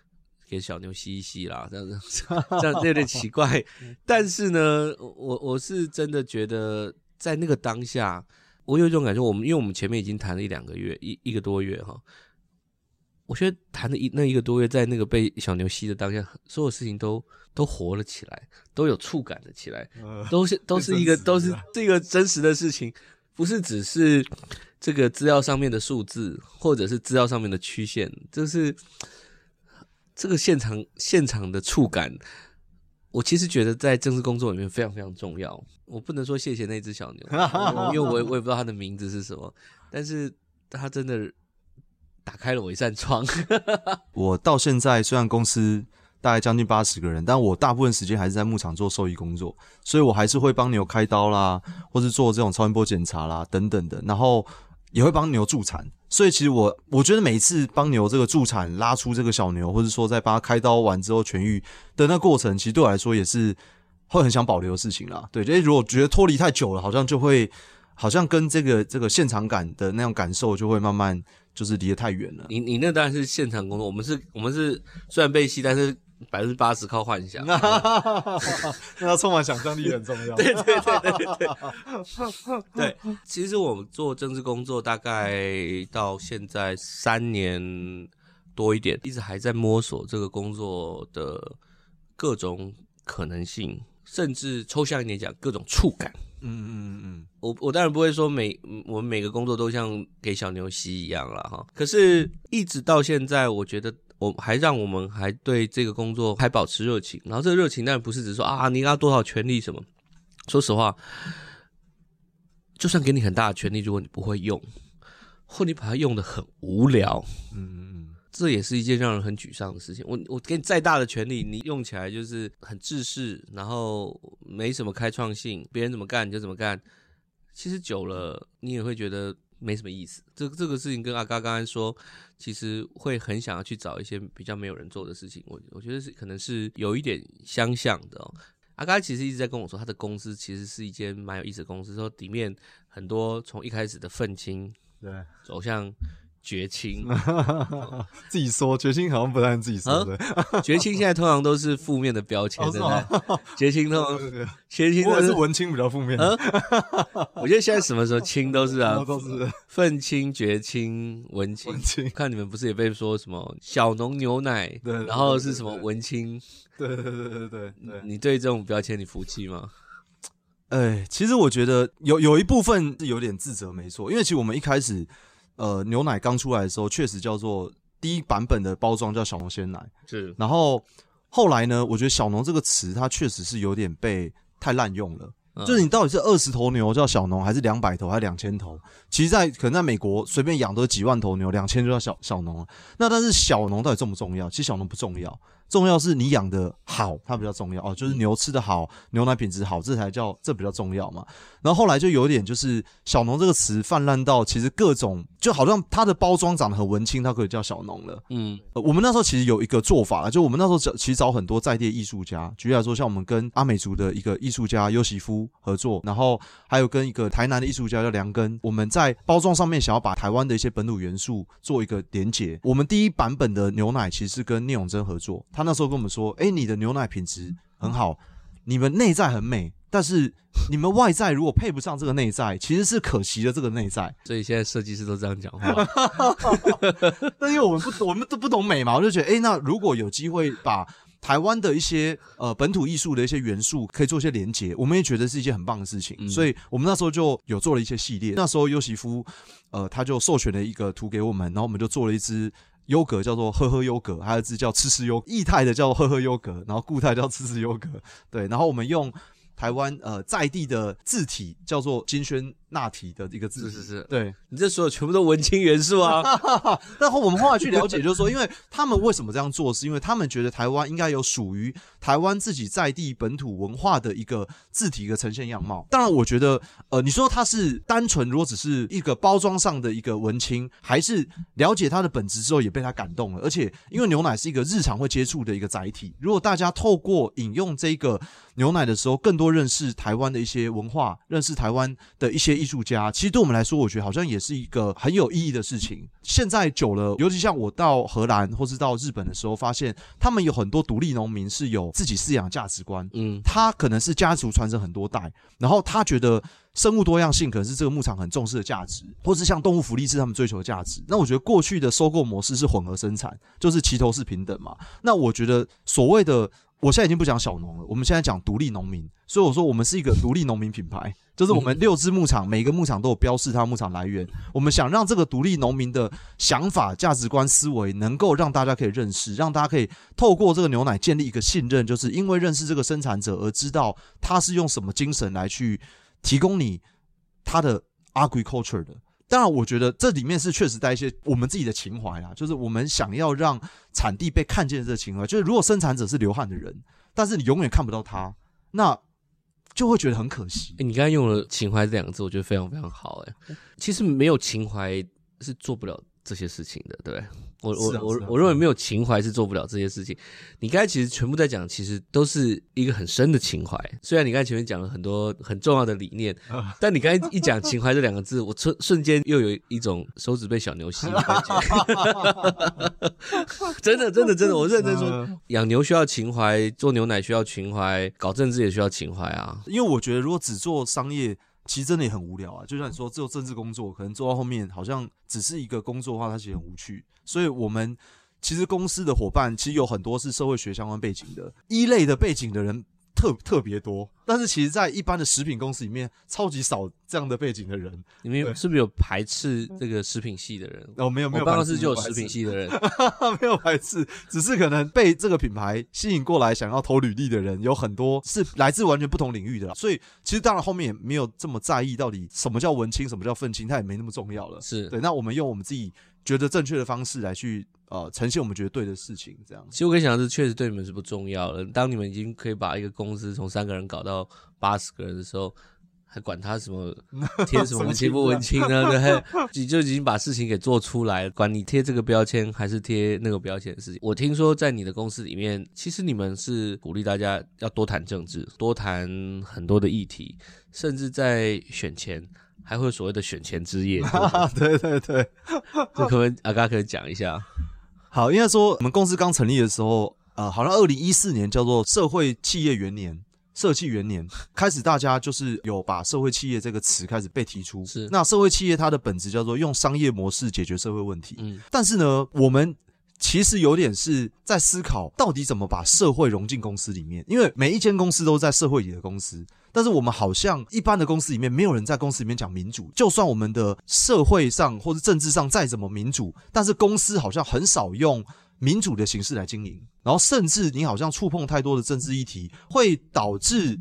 給小牛吸一吸啦，這樣子這樣有點奇怪。 但是呢，我我是真的覺得，在那個當下，我有一種感覺，我們因為我們前面已經談了一兩個月，一一個多月哈、哦，我覺得談了一那一個多月，在那個被小牛吸的當下，所有事情都都活了起來，都有觸感了起來，呃、都是都是一個是是都是這個真實的事情，不是只是這個資料上面的數字或者是資料上面的曲線，就是。這個現場現場的觸感，我其實覺得在政治工作裡面非常非常重要。我不能說謝謝那隻小牛， 因為我也我也不知道它的名字是什麼，但是它真的打開了我一扇窗。 我到現在雖然公司大概將近八十個人，但我大部分時間還是在牧場做獸醫工作，所以我還是會幫牛開刀啦，或是做這種超音波檢查啦等等的，然後也會幫牛助產。所以其實我我覺得每一次幫牛這個助產拉出這個小牛，或者說在幫它開刀完之後痊愈的那過程，其實對我來說也是會很想保留的事情啦。對，因為、欸、如果覺得脫離太久了，好像就會好像跟這個這個現場感的那種感受就會慢慢就是離得太遠了。你你那當然是現場工作，我們是我們是雖然被吸，但是。百分之八十靠幻想， 那他充滿想象力很重要。 對對對對對，對， 對。其實我們做政治工作大概到現在三年多一點，一直還在摸索這個工作的各種可能性，甚至抽象一點講，各種觸感。嗯嗯嗯嗯，我我當然不會說每我們每個工作都像給小牛吸一樣了哈，可是，一直到現在，我覺得。我還讓我們還對這個工作還保持熱情，然後這個熱情當然不是只說啊，你要多少權力什麼。說實話，就算給你很大的權力，如果你不會用，或你把它用得很無聊，嗯，這也是一件讓人很沮喪的事情。我我給你再大的權力，你用起來就是很制式，然後沒什麼開創性，別人怎麼幹你就怎麼幹。其實久了，你也會覺得。沒什麼意思，這這個事情跟阿嘎剛才說，其實會很想要去找一些比較沒有人做的事情，我我覺得是可能是有一點相像的哦。阿嘎其實一直在跟我說，他的公司其實是一間蠻有意思的公司，說裡面很多從一開始的憤青，對走向。覺青， 自己說覺青好像不太是自己說的，啊、覺青現在通常都是負面的標籤，現在 覺青通常覺青，我是文青比較負面。啊、 我覺得現在什麼時候青都是啊， 我都是憤青、覺青、文青。文青，文青看你們不是也被說什麼小農牛奶，對對對對，然後是什麼文青？對對，對對對對對對。你對這種標籤你服氣嗎？ 哎，其實我覺得有有一部分是有點自責，沒錯，因為其實我們一開始。呃，牛奶剛出來的時候，確實叫做第一版本的包裝叫小農鮮奶，是。然後後來呢，我覺得“小農”這個詞，它確實是有點被太濫用了。嗯、就是你到底是二十頭牛叫小農，還是兩百頭，還是兩千頭？其實在，在可能在美國隨便養都幾萬頭牛，兩千就叫小小農了。那但是小農到底重不重要？其實小農不重要。重要是你養的好，它比較重要哦，就是牛吃的好，牛奶品質好，這才叫這比較重要嘛。然後後來就有點就是“小農”這個詞泛濫到，其實各種就好像它的包裝長得很文青，它可以叫小農了。嗯、呃，我們那時候其實有一個做法，就我們那時候找其實找很多在地的藝術家，舉例來說像我們跟阿美族的一個藝術家優席夫合作，然後還有跟一個台南的藝術家叫梁根，我們在包裝上面想要把台灣的一些本土元素做一個連結。我們第一版本的牛奶其實跟聶永真合作。他那時候跟我們說：“哎、欸，你的牛奶品質很好，你們內在很美，但是你們外在如果配不上這個內在，其實是可惜的。這個內在，所以現在設計師都這樣講話。 但因為我們不，我們都不懂美嘛，我就覺得，哎、欸，那如果有機會把台灣的一些呃本土藝術的一些元素可以做一些連接，我們也覺得是一件很棒的事情。嗯、所以，我們那時候就有做了一些系列。那時候優席夫，呃，他就授權了一個圖給我們，然後我們就做了一支。優格叫做喝喝優格，還有一字叫吃吃優格，液態的叫做喝喝優格，然後固態叫吃吃優格，對，然後我們用台灣呃在地的字體叫做金萱。納體的一個字是是是。對，你這所有全部都文青元素啊！哈哈哈。那我們後來去了解，就是說，因為他們為什麼這樣做，是因為他們覺得台灣應該有屬於台灣自己在地本土文化的一個字體，一個呈現樣貌。當然，我覺得，呃，你說它是單純如果只是一個包裝上的一個文青，還是了解它的本質之後也被它感動了。而且，因為牛奶是一個日常會接觸的一個載體，如果大家透過飲用這個牛奶的時候，更多認識台灣的一些文化，認識台灣的一些。藝術家其實對我們來說，我覺得好像也是一個很有意義的事情。現在久了，尤其像我到荷蘭或是到日本的時候，發現他們有很多獨立農民是有自己飼養價值觀。嗯，他可能是家族傳承很多代，然後他覺得生物多樣性可能是這個牧場很重視的價值，或是像動物福利是他們追求的價值。那我覺得過去的收購模式是混合生產，就是齊頭式平等嘛。那我覺得所謂的。我現在已經不講小農了，我們現在講獨立農民，所以我說我們是一個獨立農民品牌，就是我們六支牧場，每個牧場都有標示它的牧場來源。我們想讓這個獨立農民的想法、價值觀、思維，能夠讓大家可以認識，讓大家可以透過這個牛奶建立一個信任，就是因為認識這個生產者而知道他是用什麼精神來去提供你他的 agriculture 的。當然，我覺得這裡面是確實帶一些我們自己的情懷啦、啊，就是我們想要讓產地被看見的這情懷。就是如果生產者是流汗的人，但是你永遠看不到他，那就會覺得很可惜。誒你剛才用了“情懷”這兩個字，我覺得非常非常好。欸，其實沒有情懷是做不了的。這些事情的，對我我我、啊啊、我認為沒有情懷是做不了這些事情。你剛才其實全部在講，其實都是一個很深的情懷。雖然你剛才前面講了很多很重要的理念，啊、但你剛才一講“情懷”這兩個字，我瞬瞬間又有一種手指被小牛吸的感覺 真的真的真的，我認真說，養牛需要情懷，做牛奶需要情懷，搞政治也需要情懷啊！因為我覺得，如果只做商業，其實真的也很無聊啊，就像你說，做政治工作，可能做到後面好像只是一個工作的話，它其實很無趣。所以，我們其實公司的夥伴，其實有很多是社會學相關背景的一類的背景的人。特特別多，但是其實，在一般的食品公司裡面，超級少這樣的背景的人。你們對是不是有排斥這個食品系的人？哦，沒有，沒有，我辦公室就有食品系的人，斥排斥 沒有排斥，只是可能被這個品牌吸引過來想要投履歷的人，有很多是來自完全不同領域的啦。所以，其實當然後面也沒有這麼在意到底什麼叫文青，什麼叫憤青，它也沒那麼重要了。是，對，那我們用我們自己覺得正確的方式來去。哦，呈現我們覺得對的事情，這樣。其實我跟你講的是，確實對你們是不重要的。當你們已經可以把一個公司從三個人搞到八十個人的時候，還管他什麼貼什麼貼文青不文青呢？啊？對， 啊，就他 就已經把事情給做出來了。管你貼這個標籤還是貼那個標籤的事情。我聽說在你的公司裡面，其實你們是鼓勵大家要多談政治，多談很多的議題，甚至在選前還會有所謂的選前之夜。 對對對，對，這可不可以阿嘉可以講一下？好，應該說我們公司剛成立的時候，呃，好像二零一四年叫做社會企業元年，社會企元年開始，大家就是有把社會企業這個詞開始被提出。是，那社會企業它的本質叫做用商業模式解決社會問題。嗯，但是呢，我們其實有點是在思考，到底怎麼把社會融進公司裡面，因為每一間公司都在社會裡的公司。但是我們好像一般的公司裡面沒有人在公司裡面講民主，就算我們的社會上或者政治上再怎麼民主，但是公司好像很少用民主的形式來經營。然後甚至你好像觸碰太多的政治議題，會導致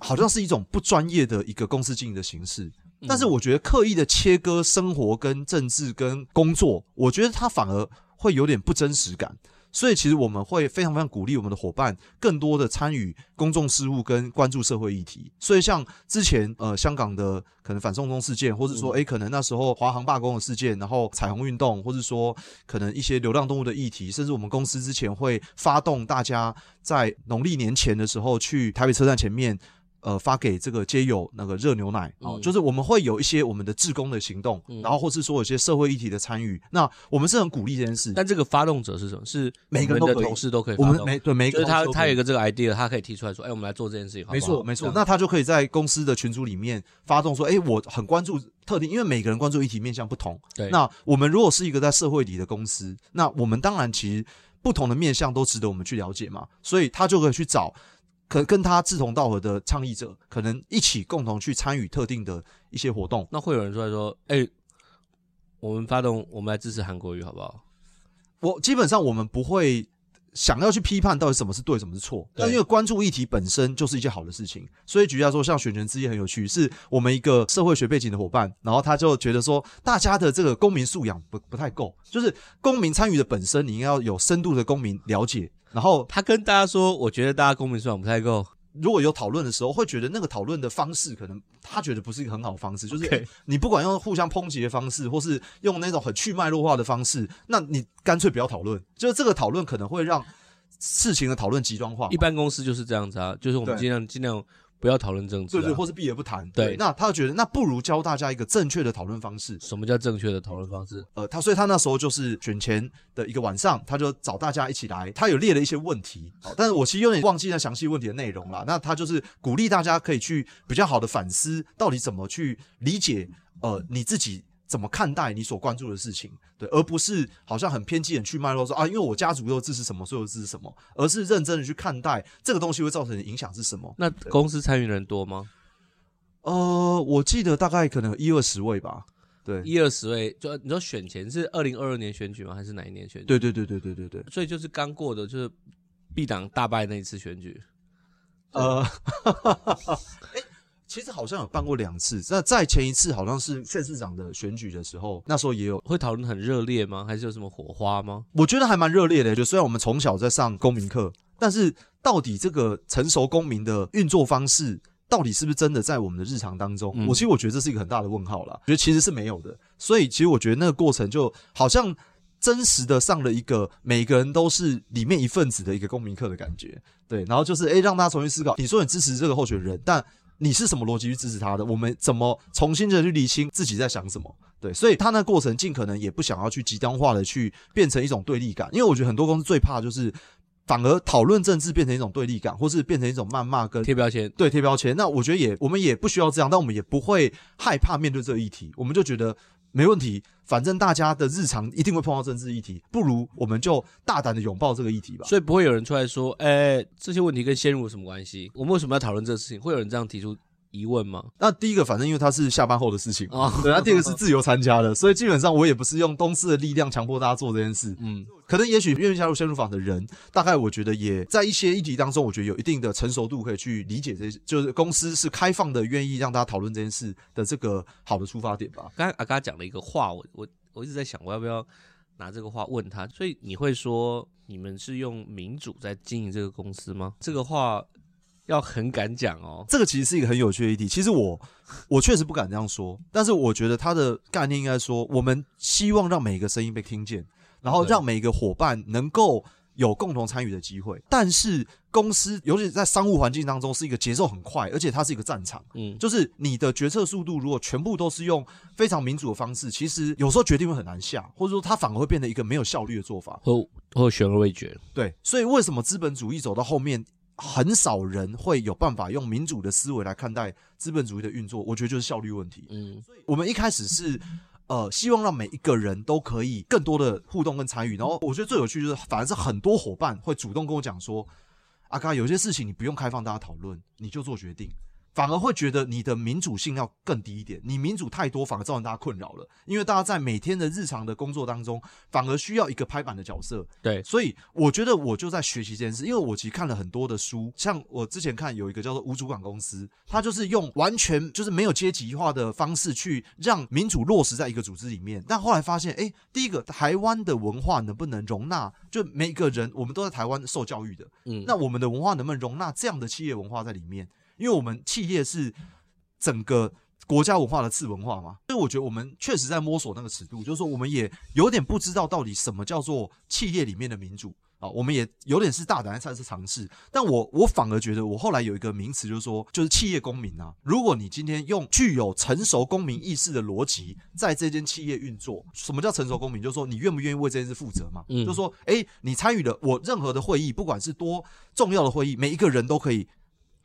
好像是一種不專業的一個公司經營的形式。但是我覺得刻意的切割生活跟政治跟工作，我覺得它反而會有點不真實感。所以其實我們會非常非常鼓勵我們的夥伴更多的參與公眾事務跟關注社會議題。所以像之前呃香港的可能反送中事件，或者是說哎、欸、可能那時候華航罷工的事件，然後彩虹運動，或者是說可能一些流浪動物的議題，甚至我們公司之前會發動大家在農曆年前的時候去台北車站前面。呃，發給這個街友那個熱牛奶、嗯哦、就是我們會有一些我們的志工的行動，嗯、然後或是說有些社會議題的參與，嗯、那我們是很鼓勵這件事。但這個發動者是什麼？是每個人的同事都可以發動。我們對每對每個他他有一個這個 idea，他可以提出來說，哎、欸，我們來做這件事情，好不好？沒錯沒錯。對那他就可以在公司的群組裡面發動說，哎、欸，我很關注特定，因為每個人關注議題面向不同。對。那我們如果是一個在社會裡的公司，那我們當然其實不同的面向都值得我們去了解嘛，所以他就可以去找。可跟他志同道合的倡議者，可能一起共同去參與特定的一些活動。那會有人說來說：“哎、欸，我們發動，我們來支持韓國瑜，好不好？”我基本上我們不會。想要去批判到底什麼是對，什麼是錯，對但因為關注議題本身就是一件好的事情，所以舉例來說，像選前之夜很有趣，是我們一個社會學背景的夥伴，然後他就覺得說，大家的這個公民素養不不太夠，就是公民參與的本身，你應該要有深度的公民了解，然後他跟大家說，我覺得大家公民素養不太夠。如果有討論的時候，會覺得那個討論的方式可能他覺得不是一個很好的方式，Okay. 就是你不管用互相抨擊的方式，或是用那種很去脈絡化的方式，那你乾脆不要討論。就是這個討論可能會讓事情的討論極端化嘛。一般公司就是這樣子啊，就是我們盡量盡量。不要討論政治、啊，對，對對，或是避而不談。對，對那他覺得那不如教大家一個正確的討論方式。什麼叫正確的討論方式？呃，他所以他那時候就是選前的一個晚上，他就找大家一起來，他有列了一些問題，哦、但是我其實有點忘記那詳細問題的內容了。嗯、那他就是鼓勵大家可以去比較好的反思，到底怎麼去理解，呃，你自己。怎麼看待你所關注的事情？對，而不是好像很偏激的去脈絡說啊，因為我家族又支持什麼，所以又支持什麼，而是認真的去看待這個東西會造成影響是什麼。那公司參與的人多嗎？呃，我記得大概可能一二十位吧。對，一二十位。就你說選前是二零二二年選舉嗎？還是哪一年選舉？對對對對對對對。所以就是剛過的，就是 B 黨大敗那一次選舉。呃。 其實好像有辦過兩次，那在前一次好像是縣市長的選舉的時候，那時候也有會討論很熱烈嗎？還是有什麼火花嗎？我覺得還蠻熱烈的。就雖然我們從小在上公民課，但是到底這個成熟公民的運作方式，到底是不是真的在我們的日常當中？嗯、我其實我覺得這是一個很大的問號啦。我覺得其實是沒有的。所以其實我覺得那個過程就好像真實的上了一個每個人都是裡面一份子的一個公民課的感覺。對，然後就是誒、欸，讓大家重新思考。你說你支持這個候選人，嗯、但你是什麼邏輯去支持他的？我們怎麼重新的去理清自己在想什麼？對，所以他那過程盡可能也不想要去極端化的去變成一種對立感，因為我覺得很多公司最怕的就是反而討論政治變成一種對立感，或是變成一種謾罵跟貼標籤。對，貼標籤。那我覺得也我們也不需要這樣，但我們也不會害怕面對這個議題，我們就覺得。沒問題，反正大家的日常一定會碰到政治議題，不如我們就大膽的擁抱這個議題吧。所以不會有人出來說：“哎、欸，這些問題跟鮮乳有什麼關係？我們為什麼要討論這個事情？”會有人這樣提出疑問嗎？那第一個，反正因為他是下班後的事情啊。哦、對，那第二個是自由參加的， 所以基本上我也不是用公司的力量強迫大家做這件事。嗯，可能也許願意加入先入法的人，大概我覺得也在一些議題當中，我覺得有一定的成熟度可以去理解這些。這就是公司是開放的，願意讓大家討論這件事的這個好的出發點吧。剛剛阿嘉講了一個話，我我我一直在想，我要不要拿這個話問他？所以你會說，你們是用民主在經營這個公司嗎？這個話。要很敢講哦，這個其實是一個很有趣的議題。其實我我確實不敢這樣說，但是我覺得它的概念應該說，我們希望讓每一個聲音被聽見，然後讓每一個夥伴能夠有共同參與的機會。但是公司，尤其在商務環境當中，是一個節奏很快，而且它是一個戰場。嗯，就是你的決策速度，如果全部都是用非常民主的方式，其實有時候決定會很難下，或者說它反而會變得一個沒有效率的做法。或或懸而未決。對，所以為什麼資本主義走到後面，很少人會有辦法用民主的思維來看待資本主義的運作，我覺得就是效率問題。嗯，所以我們一開始是，呃，希望讓每一個人都可以更多的互動跟參與，然後我覺得最有趣就是，反而是很多夥伴會主動跟我講說，阿嘉，有些事情你不用開放大家討論，你就做決定。反而會覺得你的民主性要更低一點，你民主太多反而造成大家困擾了，因為大家在每天的日常的工作當中，反而需要一個拍板的角色。對，所以我覺得我就在學習這件事，因為我其實看了很多的書，像我之前看有一個叫做無主管公司，他就是用完全就是沒有階級化的方式去讓民主落實在一個組織裡面。但後來發現，誒，第一個台灣的文化能不能容納？就每個人我們都在台灣受教育的，嗯，那我們的文化能不能容納這樣的企業文化在裡面？因為我們企業是整個國家文化的次文化嘛，所以我覺得我們確實在摸索那個尺度，就是說我們也有點不知道到底什麼叫做企業裡面的民主啊。我們也有點是大膽的在嘗試。但我我反而覺得，我後來有一個名詞，就是說，就是企業公民啊。如果你今天用具有成熟公民意識的邏輯，在這間企業運作，什麼叫成熟公民？就是說你願不願意為這件事負責嘛？嗯，就是說哎、欸，你參與的我任何的會議，不管是多重要的會議，每一個人都可以。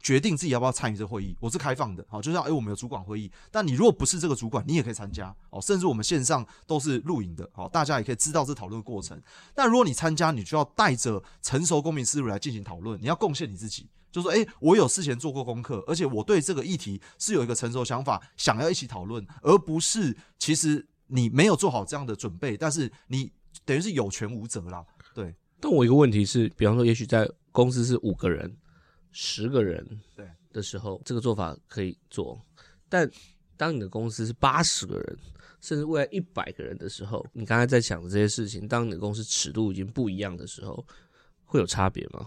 決定自己要不要參與這會議，我是開放的，好，就像誒、欸，我們有主管會議，但你如果不是這個主管，你也可以參加，哦。甚至我們線上都是錄影的，好、哦，大家也可以知道這討論的過程。但如果你參加，你就要帶着成熟公民思路來進行討論，你要貢獻你自己，就說誒、欸，我有事前做過功課，而且我對這個議題是有一個成熟想法，想要一起討論，而不是其實你沒有做好這樣的準備，但是你等於是有權無責啦。對，但我一個問題是，比方說，也許在公司是五個人。十個人對的時候，對這個做法可以做，但當你的公司是八十個人，甚至未來一百個人的時候，你剛才在想的這些事情，當你的公司尺度已經不一樣的時候，會有差別嗎？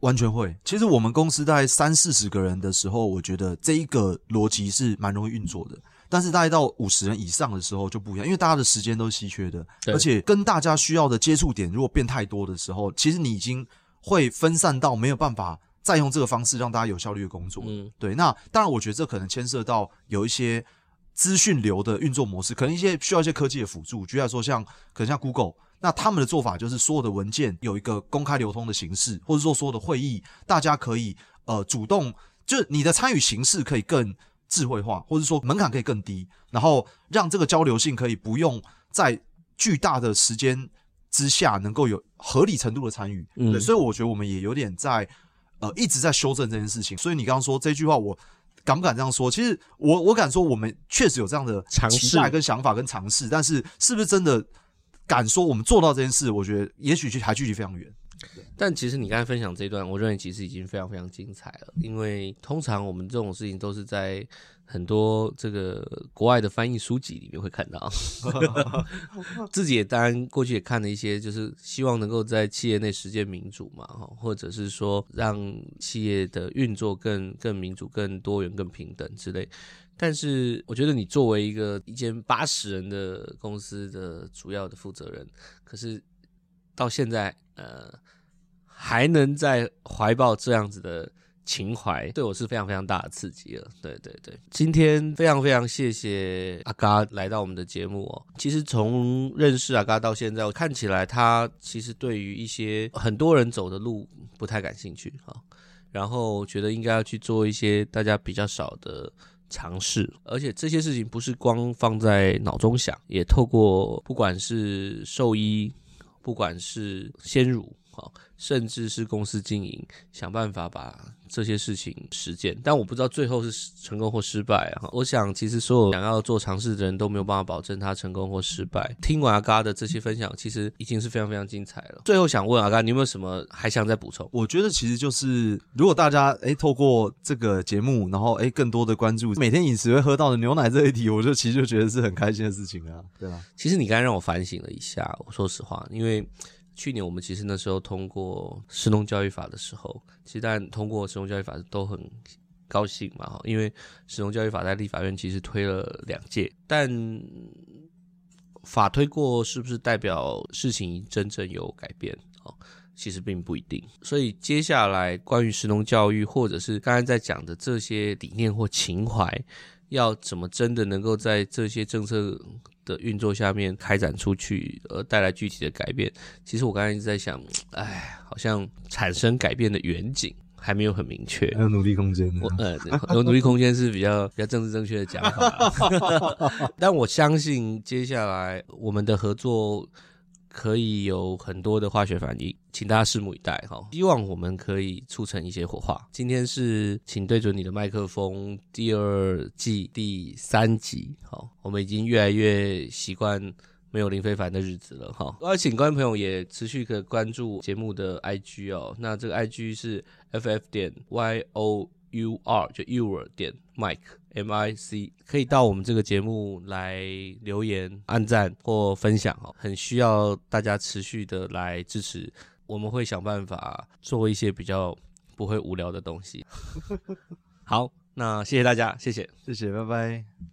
完全會。其實我們公司在三四十個人的時候，我覺得這一個邏輯是蠻容易運作的，但是大概到五十人以上的時候就不一樣，因為大家的時間都是稀缺的，對而且跟大家需要的接觸點如果變太多的時候，其實你已經會分散到沒有辦法。再用這個方式讓大家有效率的工作，嗯，對。那當然，我覺得這可能牽涉到有一些資訊流的運作模式，可能一些需要一些科技的輔助。舉例來說像，像可能像 Google，那他們的做法就是所有的文件有一個公開流通的形式，或者說所有的會議，大家可以呃主動，就是你的參與形式可以更智慧化，或者說門檻可以更低，然後讓這個交流性可以不用在巨大的時間之下能夠有合理程度的參與。嗯，對，所以我覺得我們也有點在。呃，一直在修正這件事情，所以你剛剛說這句話，我敢不敢這樣說？其實我我敢說，我們確實有這樣的期待、跟想法跟、跟嘗試，但是是不是真的敢說我們做到這件事？我覺得也許距還距離非常遠。對但其實你剛才分享這一段，我認為其實已經非常非常精彩了。因為通常我們這種事情都是在很多這個國外的翻譯書籍裡面會看到， 自己也當然過去也看了一些，就是希望能夠在企業內實踐民主嘛，或者是說讓企業的運作更更民主、更多元、更平等之類。但是我覺得你作為一個一間八十人的公司的主要的負責人，可是到現在呃。還能在懷抱這樣子的情懷，對我是非常非常大的刺激了。對對對，今天非常非常謝謝阿嘎來到我們的節目哦。其實從認識阿嘎到現在，我看起來他其實對於一些很多人走的路不太感興趣。然後覺得應該要去做一些大家比較少的嘗試，而且這些事情不是光放在腦中想，也透過不管是獸醫，不管是鮮乳。好，甚至是公司經營，想辦法把這些事情實踐，但我不知道最後是成功或失敗啊。我想，其實所有想要做嘗試的人都沒有辦法保證他成功或失敗。聽完阿嘎的這些分享，其實已經是非常非常精彩了。最後想問阿嘎，你有沒有什麼還想再補充？我覺得其實就是，如果大家哎透過這個節目，然後哎更多的關注每天飲食會喝到的牛奶這一題，我就其實就覺得是很開心的事情啊，對吧？其實你剛才讓我反省了一下，我說實話，因為。去年我們其實那時候通過《食農教育法》的時候，其實當然通過《食農教育法》都很高興嘛，哈，因為《食農教育法》在立法院其實推了兩屆，但法推過，是不是代表事情真正有改變，其實並不一定。所以接下來關於食農教育，或者是剛才在講的這些理念或情懷，要怎麼真的能夠在這些政策的運作下面開展出去，而帶來具體的改變。其實我剛才一直在想，哎，好像產生改變的遠景還沒有很明確。還有努力空間，呃，有、嗯、努力空間是比較 比較政治正確的講法。 但我相信接下來我們的合作。可以有很多的化學反應，請大家拭目以待哈。希望我們可以促成一些火花。今天是請對準你的麥克風，第二季第三集。好，我們已經越來越習慣沒有林飛帆的日子了哈。我要請觀眾朋友也持續可以關注節目的 I G 哦。那這個 I G 是 f f 點 y o u r 就 your 點 mic。M I C，可以到我們這個節目來留言、按讚或分享，很需要大家持續的來支持，我們會想辦法做一些比較不會無聊的東西。 好，那謝謝大家，謝謝，謝謝，拜拜。